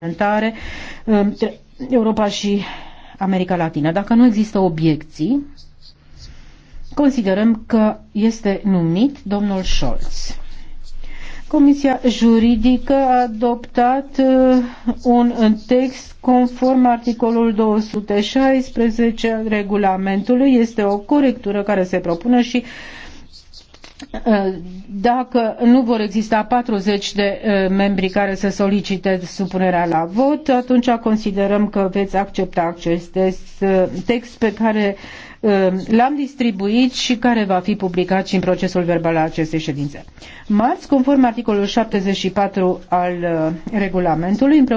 reprezentare între uh, Europa și America Latină. Dacă nu există obiecții, considerăm că este numit domnul Scholz. Comisia juridică a adoptat uh, un text conform articolul 216 al regulamentului. Este o corectură care se propune și Uh, dacă nu vor exista 40 de uh, membri care să solicite supunerea la vot, atunci considerăm că veți accepta acest uh, text pe care l-am distribuit și care va fi publicat și în procesul verbal al acestei ședințe. Marți, conform articolul 74 al regulamentului,